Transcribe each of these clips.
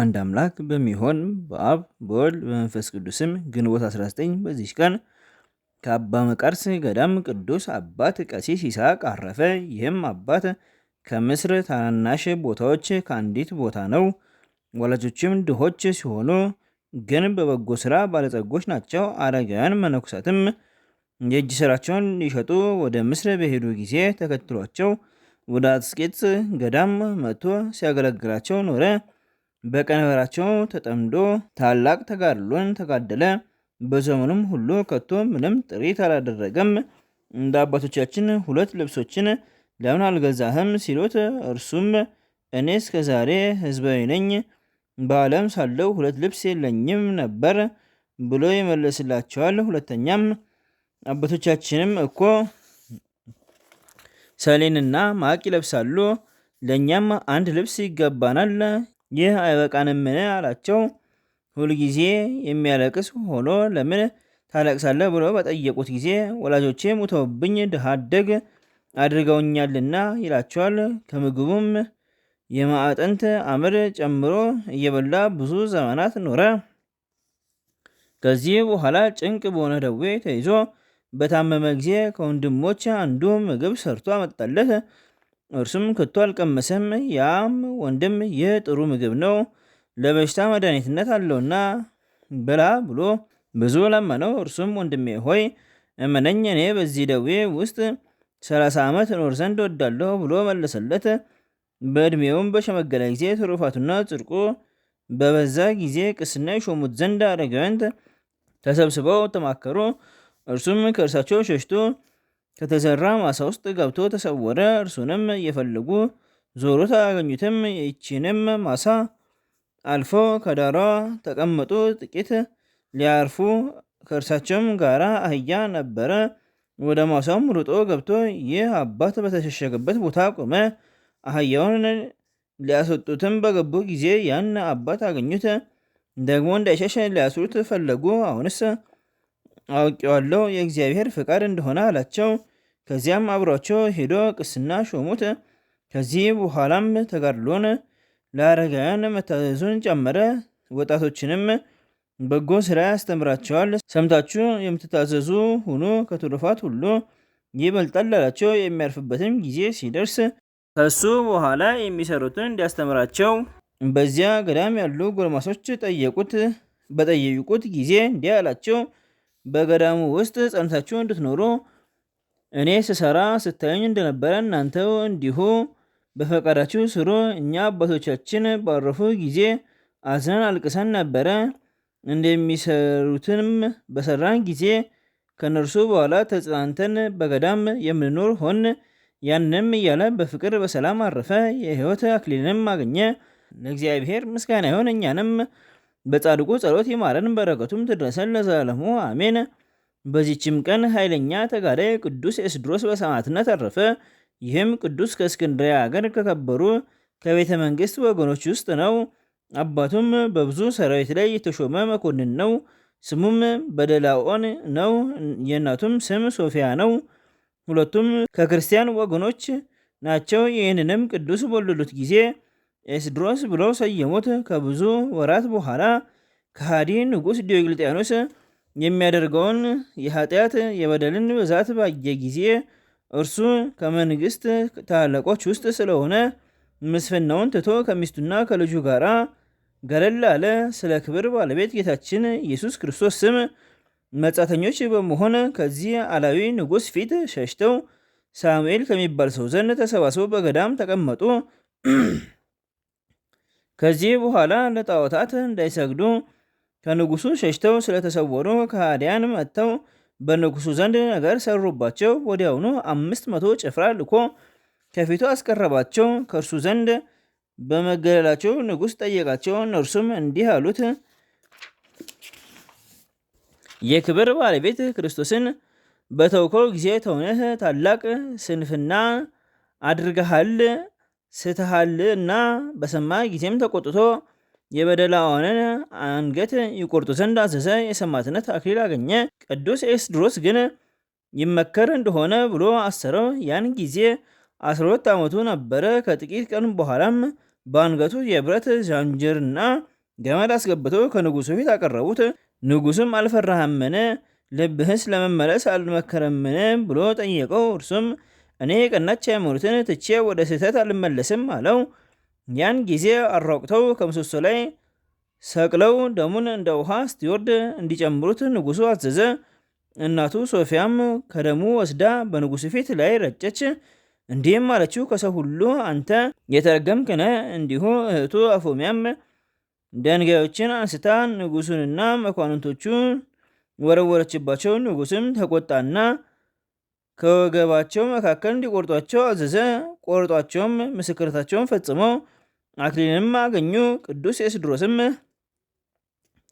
አንድ አምላክ በሚሆን በአብ በወልድ በመንፈስ ቅዱስም ግንቦት 19 በዚች ቀን ከአባ መቃርስ ገዳም ቅዱስ አባት ቀሲስ ይስሐቅ አረፈ። ይህም አባት ከምስር ታናናሽ ቦታዎች ከአንዲት ቦታ ነው። ወላጆችም ድሆች ሲሆኑ ግን በበጎ ስራ ባለጸጎች ናቸው። አረጋውያን መነኮሳትም የእጅ ስራቸውን ሊሸጡ ወደ ምስር በሄዱ ጊዜ ተከትሏቸው ወደ አስቄጥስ ገዳም መጥቶ ሲያገለግላቸው ኖረ። በቀንበራቸው ተጠምዶ ታላቅ ተጋድሎን ተጋደለ። በዘመኑም ሁሉ ከቶ ምንም ጥሪት አላደረገም። እንደ አባቶቻችን ሁለት ልብሶችን ለምን አልገዛህም ሲሉት፣ እርሱም እኔ እስከ ዛሬ ሕዝባዊ ነኝ በዓለም ሳለው ሁለት ልብስ የለኝም ነበር ብሎ ይመለስላቸዋል። ሁለተኛም አባቶቻችንም እኮ ሰሌንና ማቅ ይለብሳሉ፣ ለእኛም አንድ ልብስ ይገባናል ይህ አይበቃንምን? አላቸው። ሁልጊዜ የሚያለቅስ ሆኖ ለምን ታለቅሳለህ ብሎ በጠየቁት ጊዜ ወላጆቼ ሙተውብኝ ድሃ አደግ አድርገውኛልና ይላቸዋል። ከምግቡም የማዕጠንት አመድ ጨምሮ እየበላ ብዙ ዘመናት ኖረ። ከዚህ በኋላ ጭንቅ በሆነ ደዌ ተይዞ በታመመ ጊዜ ከወንድሞች አንዱ ምግብ ሰርቶ አመጣለት። እርሱም ከቶ አልቀመሰም። ያም ወንድም ይህ ጥሩ ምግብ ነው፣ ለበሽታ መድኃኒትነት አለውና ብላ ብሎ ብዙ ለመነው። እርሱም ወንድሜ ሆይ እመነኝ፣ እኔ በዚህ ደዌ ውስጥ ሰላሳ ዓመት እኖር ዘንድ ወዳለሁ ብሎ መለሰለት። በዕድሜውም በሸመገለ ጊዜ ትሩፋቱና ጽድቁ በበዛ ጊዜ ቅስና ይሾሙት ዘንድ አረጋውያን ተሰብስበው ተማከሩ። እርሱም ከእርሳቸው ሸሽቶ ከተዘራ ማሳ ውስጥ ገብቶ ተሰወረ። እርሱንም እየፈለጉ ዞሮት አያገኙትም ይህችንም ማሳ አልፎ ከዳሯ ተቀመጡ። ጥቂት ሊያርፉ ከእርሳቸውም ጋራ አህያ ነበረ። ወደ ማሳውም ሩጦ ገብቶ ይህ አባት በተሸሸገበት ቦታ ቆመ። አህያውን ሊያስወጡትም በገቡ ጊዜ ያን አባት አገኙት። ደግሞ እንዳይሸሽ ሊያስሩት ፈለጉ። አሁንስ አውቄዋለሁ፣ የእግዚአብሔር ፍቃድ እንደሆነ አላቸው። ከዚያም አብሯቸው ሄዶ ቅስና ሾሙት። ከዚህ በኋላም ተጋድሎን ለአረጋውያን መታዘዙን ጨመረ። ወጣቶችንም በጎ ስራ ያስተምራቸዋል። ሰምታችሁ የምትታዘዙ ሁኑ፣ ከትሩፋት ሁሉ ይበልጣል አላቸው። የሚያርፍበትም ጊዜ ሲደርስ ከሱ በኋላ የሚሰሩትን እንዲያስተምራቸው በዚያ ገዳም ያሉ ጎልማሶች ጠየቁት። በጠየቁት ጊዜ እንዲህ አላቸው፣ በገዳሙ ውስጥ ጸንታችሁ እንድትኖሩ እኔ ስሰራ ስታዩኝ እንደነበረ እናንተው እንዲሁ በፈቃዳችሁ ስሩ። እኛ አባቶቻችን ባረፉ ጊዜ አዝነን አልቅሰን ነበረ። እንደሚሰሩትንም በሰራን ጊዜ ከነርሱ በኋላ ተጽናንተን በገዳም የምንኖር ሆን። ያንንም እያለ በፍቅር በሰላም አረፈ። የህይወት አክሊልንም አገኘ። ለእግዚአብሔር ምስጋና ይሆን። እኛንም በጻድቁ ጸሎት ይማረን፣ በረከቱም ትድረሰን ለዘላለሙ አሜን። በዚችም ቀን ኃይለኛ ተጋዳይ ቅዱስ ኤስድሮስ በሰማዕትነት አረፈ። ይህም ቅዱስ ከእስክንድሪያ ሀገር ከከበሩ ከቤተ መንግስት ወገኖች ውስጥ ነው። አባቱም በብዙ ሰራዊት ላይ የተሾመ መኮንን ነው። ስሙም በደላኦን ነው። የእናቱም ስም ሶፊያ ነው። ሁለቱም ከክርስቲያን ወገኖች ናቸው። ይህንንም ቅዱስ በወለዱት ጊዜ ኤስድሮስ ብለው ሰየሙት። ከብዙ ወራት በኋላ ከሃዲ ንጉሥ ዲዮግልጥያኖስ የሚያደርገውን የኃጢአት የበደልን ብዛት ባየ ጊዜ እርሱ ከመንግስት ታላቆች ውስጥ ስለሆነ ምስፍናውን ትቶ ከሚስቱና ከልጁ ጋር ገለል አለ። ስለ ክብር ባለቤት ጌታችን ኢየሱስ ክርስቶስ ስም መጻተኞች በመሆን ከዚህ አላዊ ንጉሥ ፊት ሸሽተው ሳሙኤል ከሚባል ሰው ዘንድ ተሰባስበው በገዳም ተቀመጡ። ከዚህ በኋላ ለጣዖታት እንዳይሰግዱ ከንጉሱ ሸሽተው ስለተሰወሩ ከሃዲያን መጥተው በንጉሱ ዘንድ ነገር ሰሩባቸው። ወዲያውኑ አምስት መቶ ጭፍራ ልኮ ከፊቱ አስቀረባቸው። ከእርሱ ዘንድ በመገለላቸው ንጉሥ ጠየቃቸው። እነርሱም እንዲህ አሉት፣ የክብር ባለቤት ክርስቶስን በተውከው ጊዜ ተውነህ ታላቅ ስንፍና አድርገሃል ስትሃል እና በሰማ ጊዜም ተቆጥቶ የበደላዋንን አንገት ይቆርጡ ዘንድ አዘዘ። የሰማዕትነት አክሊል አገኘ። ቅዱስ ኤስድሮስ ግን ይመከር እንደሆነ ብሎ አሰረው። ያን ጊዜ 12 ዓመቱ ነበረ። ከጥቂት ቀን በኋላም በአንገቱ የብረት ዛንጅርና ገመድ አስገብተው ከንጉሱ ፊት አቀረቡት። ንጉሱም አልፈራህምን? ልብህስ ለመመለስ አልመከረምን? ብሎ ጠየቀው። እርሱም እኔ የቀናች ሃይማኖትን ትቼ ወደ ስህተት አልመለስም አለው። ያን ጊዜ አራቁተው ከምሰሶ ላይ ሰቅለው ደሙን እንደ ውሃ ስትወርድ እንዲጨምሩት ንጉሱ አዘዘ። እናቱ ሶፊያም ከደሙ ወስዳ በንጉሱ ፊት ላይ ረጨች። እንዲህም አለችው፣ ከሰው ሁሉ አንተ የተረገምክነ እንዲሁ እህቱ አፎሚያም ደንጋዮችን አንስታ ንጉሱንና መኳንንቶቹን ወረወረችባቸው። ንጉስም ተቆጣና ከወገባቸው መካከል እንዲቆርጧቸው አዘዘ። ቆርጧቸውም ምስክርታቸውን ፈጽመው አክሊልንም አገኙ። ቅዱስ ኤስድሮስም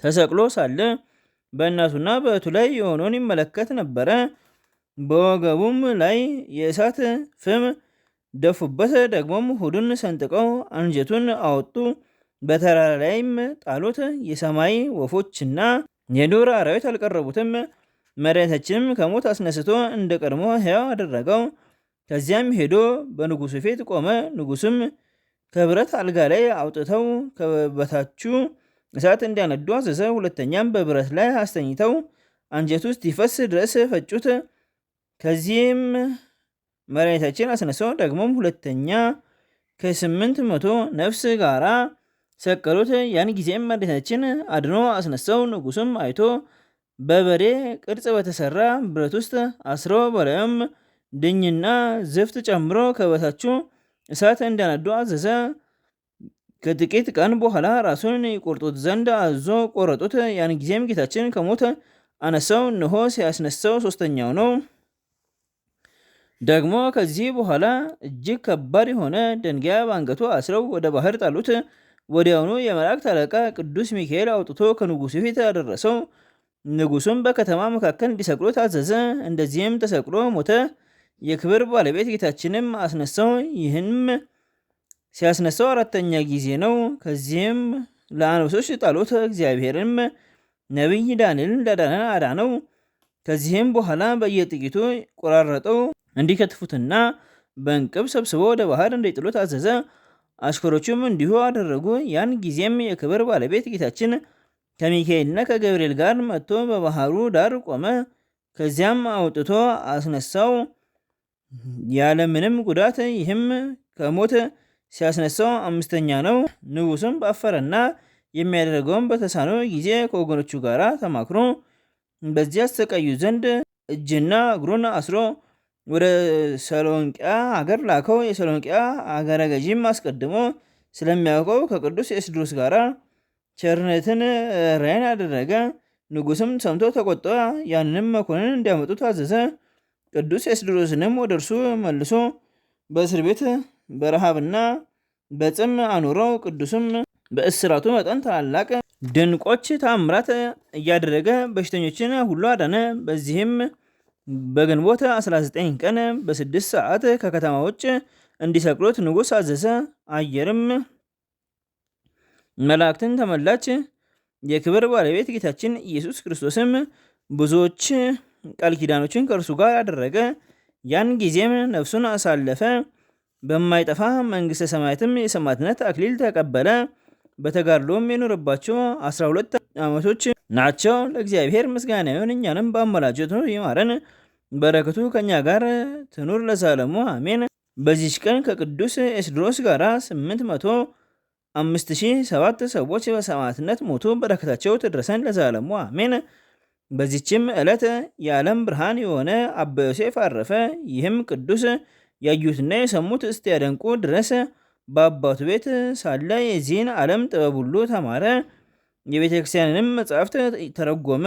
ተሰቅሎ ሳለ በእናቱና በእቱ ላይ የሆነውን ይመለከት ነበረ። በወገቡም ላይ የእሳት ፍም ደፉበት። ደግሞም ሆዱን ሰንጥቀው አንጀቱን አወጡ፣ በተራራ ላይም ጣሉት። የሰማይ ወፎችና የዱር አራዊት አልቀረቡትም። መሬታችንም ከሞት አስነስቶ እንደ ቀድሞ ሕያው አደረገው። ከዚያም ሄዶ በንጉሱ ፊት ቆመ። ንጉሱም ከብረት አልጋ ላይ አውጥተው ከበታቹ እሳት እንዲያነዱ አዘዘ። ሁለተኛም በብረት ላይ አስተኝተው አንጀቱ እስኪፈስ ድረስ ፈጩት። ከዚህም መድኃኒታችን አስነሰው። ደግሞም ሁለተኛ ከስምንት መቶ ነፍስ ጋራ ሰቀሉት። ያን ጊዜም መድኃኒታችን አድኖ አስነሰው። ንጉሱም አይቶ በበሬ ቅርጽ በተሰራ ብረት ውስጥ አስሮ በላዩም ድኝና ዝፍት ጨምሮ ከበታችው እሳት እንዲያነዱ አዘዘ። ከጥቂት ቀን በኋላ ራሱን ይቆርጡት ዘንድ አዞ ቆረጡት። ያን ጊዜም ጌታችን ከሞት አነሳው። ንሆ ሲያስነሳው ሶስተኛው ነው። ደግሞ ከዚህ በኋላ እጅግ ከባድ የሆነ ደንጊያ በአንገቱ አስረው ወደ ባህር ጣሉት። ወዲያውኑ የመላእክት አለቃ ቅዱስ ሚካኤል አውጥቶ ከንጉሱ ፊት አደረሰው። ንጉሱም በከተማ መካከል እንዲሰቅሎ ታዘዘ። እንደዚህም ተሰቅሎ ሞተ። የክብር ባለቤት ጌታችንም አስነሳው። ይህም ሲያስነሳው አራተኛ ጊዜ ነው። ከዚህም ለአንበሶች ጣሉት። እግዚአብሔርም ነቢይ ዳንኤል እንዳዳነ አዳነው። ከዚህም በኋላ በየጥቂቱ ቆራረጠው እንዲከትፉትና በእንቅብ ሰብስቦ ወደ ባህር እንዲጥሉት አዘዘ። አሽከሮቹም እንዲሁ አደረጉ። ያን ጊዜም የክብር ባለቤት ጌታችን ከሚካኤልና ከገብርኤል ጋር መጥቶ በባህሩ ዳር ቆመ። ከዚያም አውጥቶ አስነሳው። ያለምንም ጉዳት ይህም ከሞት ሲያስነሳው አምስተኛ ነው። ንጉሱም ባፈረና የሚያደርገውን በተሳኑ ጊዜ ከወገኖቹ ጋር ተማክሮ በዚያ አሰቃዩ ዘንድ እጅና እግሩን አስሮ ወደ ሰሎንቅያ ሀገር ላከው። የሰሎንቅያ አገረ ገዥም አስቀድሞ ስለሚያውቀው ከቅዱስ ኤስድሮስ ጋር ቸርነትን ራይን አደረገ። ንጉስም ሰምቶ ተቆጣ። ያንንም መኮንን እንዲያመጡ ታዘዘ። ቅዱስ ኤስድሮስንም ወደ እርሱ መልሶ በእስር ቤት በረሃብና በጽም አኑረው። ቅዱስም በእስራቱ መጠን ታላላቅ ድንቆች ታምራት እያደረገ በሽተኞችን ሁሉ አዳነ። በዚህም በግንቦት 19 ቀን በስድስት ሰዓት ከከተማ ውጭ እንዲሰቅሉት ንጉሥ አዘዘ። አየርም መላእክትን ተመላች። የክብር ባለቤት ጌታችን ኢየሱስ ክርስቶስም ብዙዎች ቃል ኪዳኖችን ከእርሱ ጋር አደረገ። ያን ጊዜም ነፍሱን አሳለፈ። በማይጠፋ መንግሥተ ሰማያትም የሰማዕትነት አክሊል ተቀበለ። በተጋድሎም የኖረባቸው አስራ ሁለት ዓመቶች ናቸው። ለእግዚአብሔር ምስጋና ይሁን፣ እኛንም በአመላጀቱ ይማረን፣ በረከቱ ከእኛ ጋር ትኑር ለዛለሙ አሜን። በዚች ቀን ከቅዱስ ኤስድሮስ ጋር ስምንት ሰዎች በሰማዕትነት ሞቱ። በረከታቸው ትድረሰን ለዛለሙ አሜን። በዚችም ዕለት የዓለም ብርሃን የሆነ አባ ዮሴፍ አረፈ። ይህም ቅዱስ ያዩትና የሰሙት እስኪያደንቁ ድረስ በአባቱ ቤት ሳለ የዚህን ዓለም ጥበብ ሁሉ ተማረ። የቤተ ክርስቲያንንም መጽሐፍት ተረጎመ።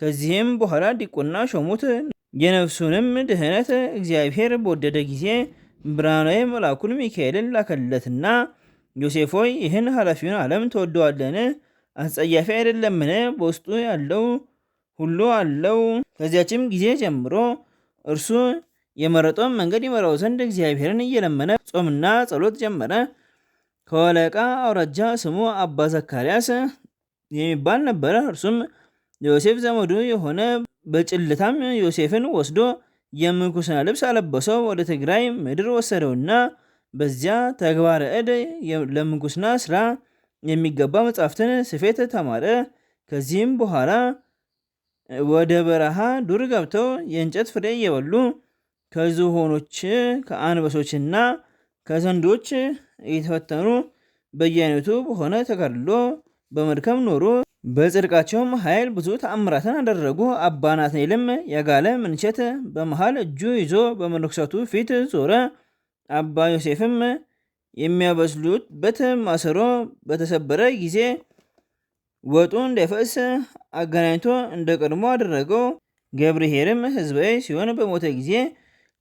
ከዚህም በኋላ ዲቁና ሾሙት። የነፍሱንም ድህነት እግዚአብሔር በወደደ ጊዜ ብርሃናዊ መልአኩን ሚካኤልን ላከለትና ዮሴፍ ሆይ ይህን ኃላፊውን ዓለም ትወደዋለን? አስጸያፊ አይደለምን? በውስጡ ያለው ሁሉ አለው። ከዚያችም ጊዜ ጀምሮ እርሱ የመረጠውን መንገድ ይመራው ዘንድ እግዚአብሔርን እየለመነ ጾምና ጸሎት ጀመረ። ከወለቃ አውራጃ ስሙ አባ ዘካርያስ የሚባል ነበረ። እርሱም ዮሴፍ ዘመዱ የሆነ በጭልታም ዮሴፍን ወስዶ የምንኩስና ልብስ አለበሰው። ወደ ትግራይ ምድር ወሰደውና በዚያ ተግባረ እድ ለምንኩስና ስራ የሚገባ መጽሐፍትን ስፌት ተማረ። ከዚህም በኋላ ወደ በረሃ ዱር ገብተው የእንጨት ፍሬ እየበሉ ከዝሆኖች ከአንበሶችና ከዘንዶች እየተፈተኑ በየአይነቱ በሆነ ተጋድሎ በመድከም ኖሩ። በጽድቃቸውም ኃይል ብዙ ተአምራትን አደረጉ። አባ ናትናኤልም የጋለ ምንቸት በመሃል እጁ ይዞ በመነኮሳቱ ፊት ዞረ። አባ ዮሴፍም የሚያበስሉበት ማሰሮ በተሰበረ ጊዜ ወጡ እንዳይፈስ አገናኝቶ እንደ ቀድሞ አደረገው። ገብርኄርም ሕዝባዊ ሲሆን በሞተ ጊዜ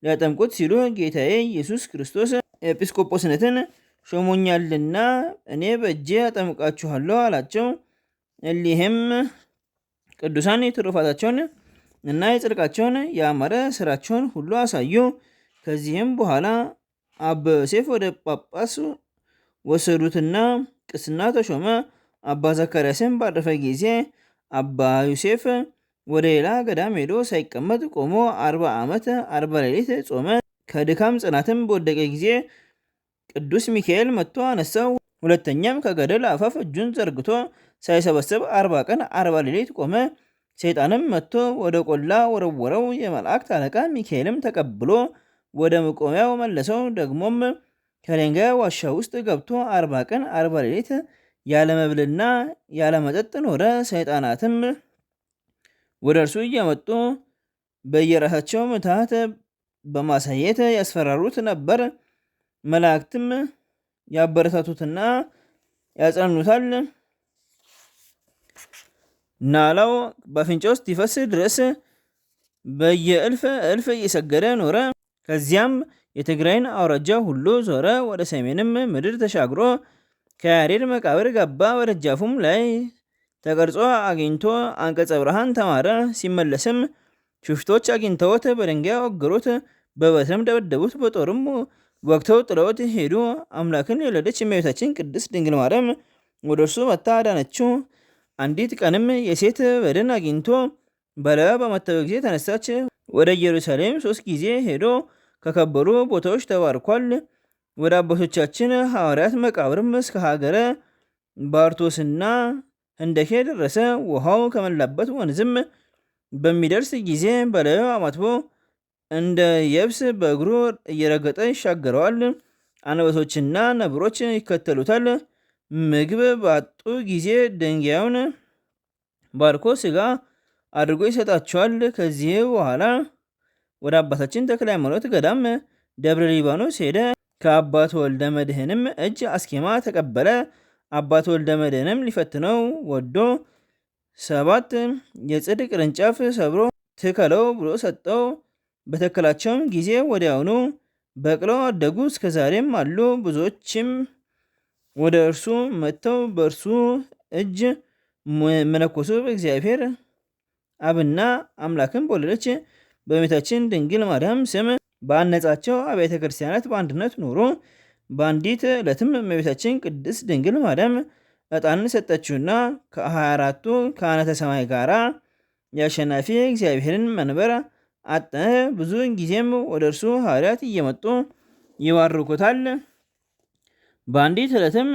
ሊያጠምቁት ሲሉ ጌታዬ ኢየሱስ ክርስቶስ ኤጲስቆጶስነትን ሾሞኛልና እኔ በእጄ አጠምቃችኋለሁ አላቸው። እሊህም ቅዱሳን የትሩፋታቸውን እና የጽድቃቸውን የአማረ ስራቸውን ሁሉ አሳዩ። ከዚህም በኋላ አበሴፍ ዮሴፍ ወደ ጳጳስ ወሰዱትና ቅስና ተሾመ። አባ ዘካርያስም ባረፈ ጊዜ አባ ዮሴፍ ወደ ሌላ ገዳም ሄዶ ሳይቀመጥ ቆሞ አርባ ዓመት አርባ ሌሊት ጾመ። ከድካም ጽናትም በወደቀ ጊዜ ቅዱስ ሚካኤል መጥቶ አነሳው። ሁለተኛም ከገደል አፋፍ እጁን ዘርግቶ ሳይሰበስብ አርባ ቀን አርባ ሌሊት ቆመ። ሰይጣንም መጥቶ ወደ ቆላ ወረወረው። የመላእክት አለቃ ሚካኤልም ተቀብሎ ወደ መቆሚያው መለሰው። ደግሞም ከሌንጋ ዋሻ ውስጥ ገብቶ አርባ ቀን አርባ ሌሊት ያለመብልና ያለመጠጥ ኖረ። ሰይጣናትም ወደ እርሱ እየመጡ በየራሳቸው ምታት በማሳየት ያስፈራሩት ነበር። መላእክትም ያበረታቱትና ያጸኑታል። ናላው ውስጥ ይፈስ ድረስ በየእልፍ እልፍ እየሰገደ ኖረ። ከዚያም የትግራይን አውራጃ ሁሉ ዞረ። ወደ ሰሜንም ምድር ተሻግሮ ከያሬድ መቃብር ገባ። በደጃፉም ላይ ተቀርጾ አግኝቶ አንቀጸ ብርሃን ተማረ። ሲመለስም ሽፍቶች አግኝተውት በድንጋይ ወገሩት፣ በበትርም ደበደቡት፣ በጦርም ወቅተው ጥለውት ሄዱ። አምላክን የወለደች እመቤታችን ቅድስት ድንግል ማርያም ወደ እርሱ መታ አዳነችው። አንዲት ቀንም የሴት በድን አግኝቶ በላዩ በመተበ ጊዜ ተነሳች። ወደ ኢየሩሳሌም ሶስት ጊዜ ሄዶ ከከበሩ ቦታዎች ተባርኳል። ወደ አባቶቻችን ሐዋርያት መቃብርም እስከ ሀገረ ባርቶስና ህንደኬ ደረሰ። ውሃው ከመላበት ወንዝም በሚደርስ ጊዜ በላዩ አማትቦ እንደ የብስ በእግሩ እየረገጠ ይሻገረዋል። አንበሶችና ነብሮች ይከተሉታል። ምግብ ባጡ ጊዜ ድንጋዩን ባርኮ ስጋ አድርጎ ይሰጣቸዋል። ከዚህ በኋላ ወደ አባታችን ተክለ ሃይማኖት ገዳም ደብረ ሊባኖስ ሄደ። ከአባት ወልደ መድህንም እጅ አስኬማ ተቀበለ። አባት ወልደ መድህንም ሊፈትነው ወዶ ሰባት የጽድ ቅርንጫፍ ሰብሮ ትከለው ብሎ ሰጠው። በተከላቸውም ጊዜ ወዲያውኑ በቅለው አደጉ፣ እስከዛሬም አሉ። ብዙዎችም ወደ እርሱ መጥተው በእርሱ እጅ መነኮሱ። በእግዚአብሔር አብና አምላክን በወለደች በእመቤታችን ድንግል ማርያም ስም ባነጻቸው አብያተ ክርስቲያናት በአንድነት ኑሮ በአንዲት ዕለትም እመቤታችን ቅድስት ድንግል ማርያም ዕጣንን ሰጠችውና ከ24ቱ ካህናተ ሰማይ ጋራ የአሸናፊ እግዚአብሔርን መንበር አጠ ብዙ ጊዜም ወደ እርሱ ሐዋርያት እየመጡ ይባርኩታል። በአንዲት ዕለትም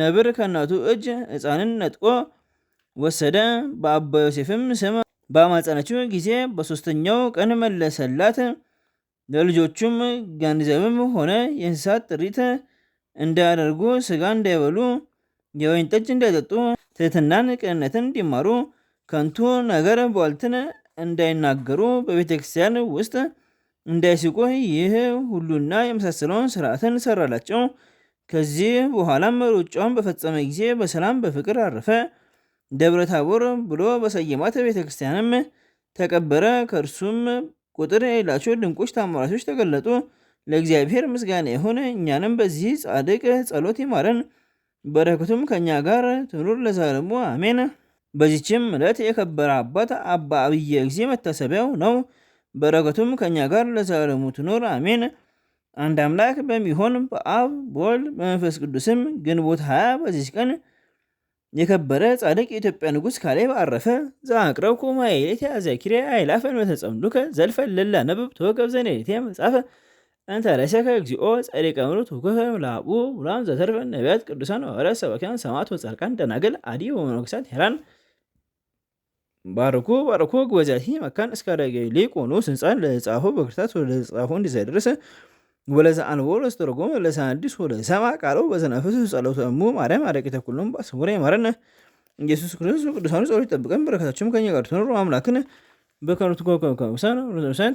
ነብር ከእናቱ እጅ ሕፃንን ነጥቆ ወሰደ። በአባ ዮሴፍም ስም በማጸነችው ጊዜ በሦስተኛው ቀን መለሰላት። ለልጆቹም ገንዘብም ሆነ የእንስሳት ጥሪት እንዳያደርጉ፣ ስጋ እንዳይበሉ፣ የወይን ጠጅ እንዳይጠጡ፣ ትህትናን ቅንነትን እንዲማሩ፣ ከንቱ ነገር ቧልትን እንዳይናገሩ፣ በቤተ ክርስቲያን ውስጥ እንዳይስቁ፣ ይህ ሁሉና የመሳሰለውን ስርዓትን ሰራላቸው። ከዚህ በኋላም ሩጫውን በፈጸመ ጊዜ በሰላም በፍቅር አረፈ። ደብረ ታቦር ብሎ በሰየማት ቤተ ክርስቲያንም ተቀበረ። ከእርሱም ቁጥር የሌላቸው ድንቆች ተአምራቶች ተገለጡ። ለእግዚአብሔር ምስጋና ይሁን፣ እኛንም በዚህ ጻድቅ ጸሎት ይማረን፣ በረከቱም ከእኛ ጋር ትኑር ለዛለሙ አሜን። በዚችም ዕለት የከበረ አባት አባ አብየ ጊዜ መታሰቢያው ነው። በረከቱም ከእኛ ጋር ለዛለሙ ትኑር አሜን። አንድ አምላክ በሚሆን በአብ በወልድ በመንፈስ ቅዱስም ግንቦት 20 በዚች ቀን የከበረ ጻድቅ የኢትዮጵያ ንጉሥ ካሌብ አረፈ። ዘአቅረብኩ የሌቴ አዘኪሬ አይላፈን በተጸምዱከ ዘልፈን ልላነብብ ተወከብ ዘኔቴ መጽሐፈ እንተረሰከ እግዚኦ ጸዲቀ ምሩት ሁከከ ላቡ ውላም ዘተርፈ ነቢያት ቅዱሳን ወረ ሰባክያን ሰማዕት ወጻድቃን ደናግል አዲ ወመነኮሳት ሄራን ባርኩ ባርኩ ወዛቲ መካን እስካረገ ሊቆኑ ስንጻን ለጻፉ በክርታት ወደ ጻፉ እንዲዘደርስ ወለዘአልቦ ለስተርጎም ለሰአዲስ ወለሰማ ቃለው በስነ ፍስህ ጸሎተ እሙ ማርያም አረቂተ ኩሎም በስሙረ ይማረነ። ኢየሱስ ክርስቶስ ቅዱሳኑ ጸሎት ይጠብቀን፣ በረከታችሁም ከኛ ጋር ትኖሩ አምላክን በከሩት ኮከብ ከምሳን